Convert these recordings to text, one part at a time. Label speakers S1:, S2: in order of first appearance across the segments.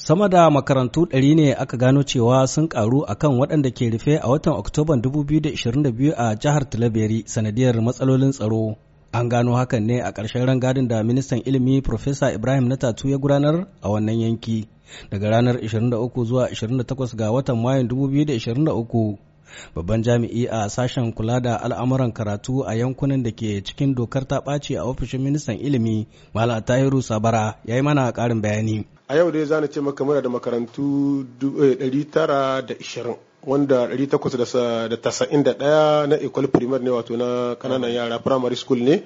S1: Sama da makarantu ɗari ne aka gano cewa sun ƙaru a kan waɗanda ke rufe a watan Oktoban 2022 a jihar Tilaberi sanadiyar matsalolin tsaro. An gano hakan ne a ƙarshen rangadin da ministan ilimi Profesa Ibrahim Natatu ya gudanar a wannan yanki daga ranar 23 zuwa 28 ga watan Mayun 2023. babban jami'i a sashen kula da al'amuran karatu a yankunan da ke cikin dokar ta ɓaci a ofishin ministan ilimi malam tahiru sabara ya yi mana ƙarin bayani
S2: a yau dai zana ce maka muna da makarantu 920 eh, wanda 891 na école primaire ne wato na kananan yara primary school ne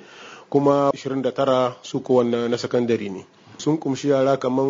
S2: kuma 29 su kowa na secondary ne sun kumshi yara kamar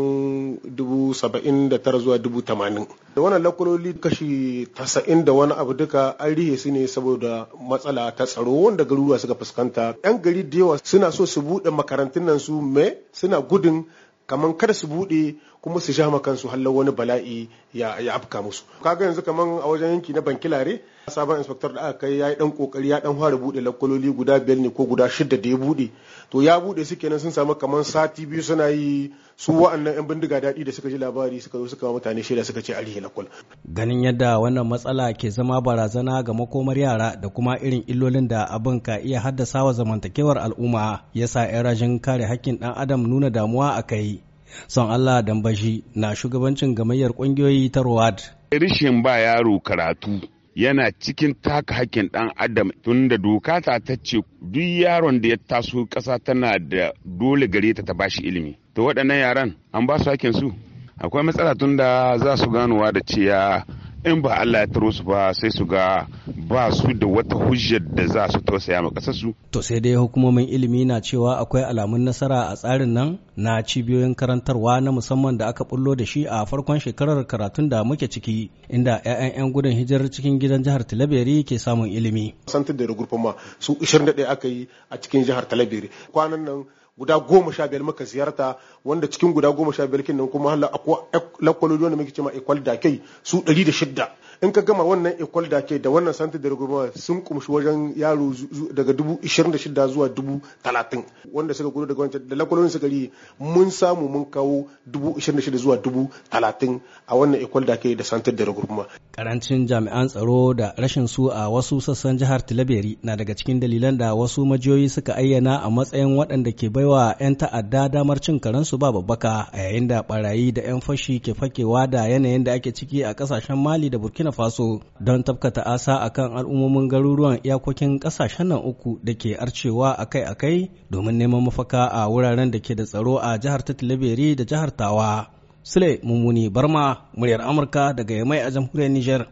S2: dubu saba'in da tara zuwa dubu tamanin da wannan lakuloli kashi 90 da wani abu duka an rihe su ne saboda matsala ta tsaro wanda garuruwa suka fuskanta yan gari da yawa suna so su buɗe makarantun nan su me suna gudun kamar kada su bude kuma su sha kansu hallar wani bala'i ya afka musu kaga yanzu kamar a wajen yanki na bankilare sabon inspector da aka kai yayi dan kokari ya dan fara bude lakkololi guda biyar ne ko guda shida da ya bude to ya bude su kenan sun samu kamar sati biyu suna yi su wa'annan yan bindiga daɗi da suka ji labari suka zo suka mutane shida suka ce arihe lakkol
S1: ganin yadda wannan matsala ke zama barazana ga makomar yara da kuma irin illolin da abin ka iya haddasa wa zamantakewar al'umma yasa yan rajin kare hakkin dan adam nuna damuwa akai Son Allah Dambashi na shugabancin gamayyar ƙungiyoyi ta Rowad.
S3: Rishin ba yaro karatu yana cikin taka hakkin ɗan adam tun da doka ta ce duk yaron da ya taso kasa tana da dole gare ta ta bashi ilimi. To waɗannan yaran an ba su hakkin su. Akwai matsala tun da za su ganowa da cewa in ba Allah ya taro su ba sai su ga ba su da wata hujjar da za su tausaya ma kasar
S1: su to sai dai hukumomin ilimi na cewa akwai alamun nasara a tsarin nan na cibiyoyin karantarwa na musamman da aka bullo da shi a farkon shekarar karatun da muke ciki inda 'ya'yan 'yan gudun hijirar cikin gidan jihar Talabiri ke samun ilimi
S2: santar da regroupement su 21 aka yi a cikin jihar Talabiri kwanan nan guda goma sha biyar muka ziyarta wanda cikin guda goma sha biyar kin nan kuma hala akwai eh, lakwaloli da muke cewa equal da kai su ɗari da shidda in ka gama wannan ecole da ke da wannan santi da rigoma sun kumshi wajen yaro daga dubu ishirin da shida zuwa dubu talatin wanda suka gudu daga wancan da lakwalolin suka yi mun samu mun kawo dubu ishirin da shida zuwa dubu talatin a wannan ecole da ke da santi da rigoma.
S1: karancin jami'an tsaro da rashin su a wasu sassan jihar tilaberi na daga cikin dalilan da wasu majiyoyi suka ayyana a matsayin waɗanda ke baiwa 'yan ta'adda damar cin karensu ba babbaka a yayin da barayi da 'yan fashi ke fakewa da yanayin da ake ciki a ƙasashen mali da burkina faso don tafkata asa kan al'ummomin garuruwan iyakokin ƙasashen nan uku da ke arcewa akai-akai domin neman mafaka a wuraren da ke da tsaro a jihar ta da jihar tawa sule mummuni barma muryar amurka daga yamai a jamhuriyar Nijar.